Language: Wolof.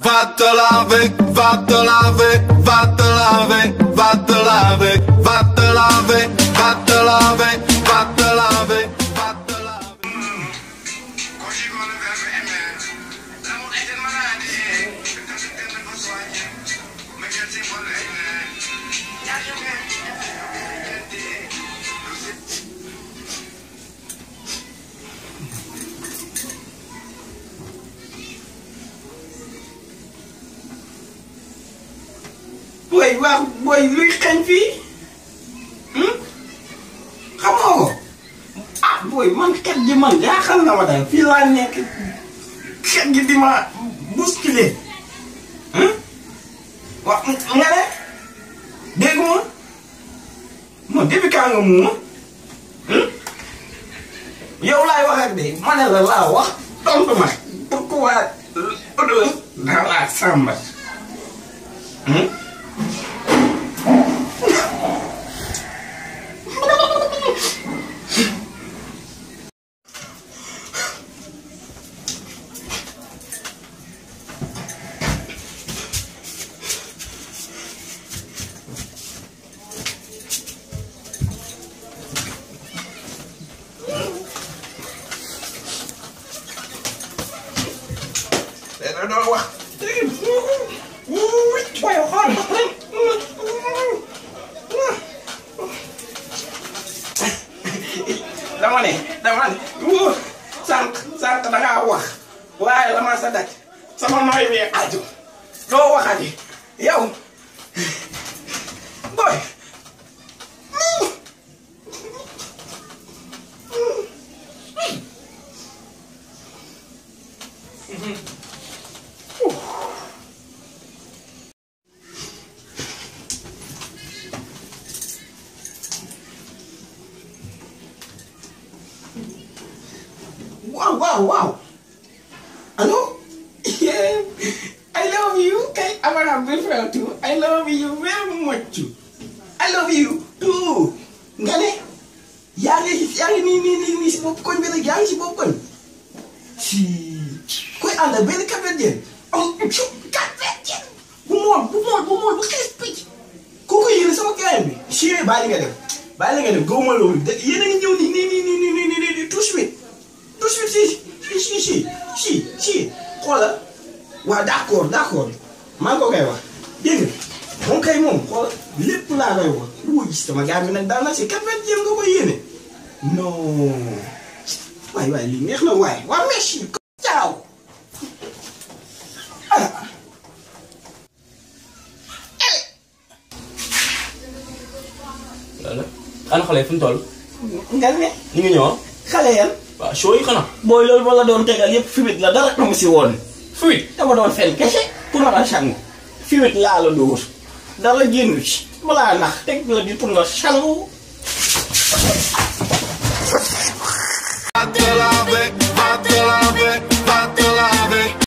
Vatto lave, vatto lave, vatto lave, vatto lave, lave. mooy waaw mooy luy xeeñ fii hmm? xamoo ko ah booy man xet gi man jaaxal na ma daal fii laa nekk xet gi di ma bousculer hmm? wax nga ne dégg ma moom depuis quand nga muuma hmm? yow laay wax ak de ma laa wax tontu ma pourquoi odeur dans la samba da doon wax. waaye xool. dama ne dama ne sànq sànq da ngaa wax waaye la ma sa daj sama nooy mi aju doo waxati yow boy. Mm-hmm. waaw waaw waaw allo I love you kay Amara boyfriend too I love you very much I love you too nga ne yaa ngi yaa ngi nii si bopp koñ bi rek si bopp koñ si koy ànd ak benn capitaine am capitaine bu mool bu mool bu mool bu xees picc kooku yéene sama gaay bi si bàyyi nga def bàyyi nga def gëwuma loolu yéen a ngi ñëw nii nii nii nii nii nii tout de suite si si si si si xoolal waaw d'accord d'accord maa ngi ko koy wax dégg moom kay moom xoolal lépp laa koy wax lu nag daal na si quatre-vingt jéem nga ko waay waay lii neex na waay waa merci ciao ana xale yi fu ñu toll. nga ne. ñu xale yan. waaw show yi xanaa. booy loolu ba la doon tegal yëpp fibit la dara amu si woon. fibit dama doon fen kese pour nga sangu. fibit laa la dóor dara génn ci balaa nax teg la di pour nga sangu.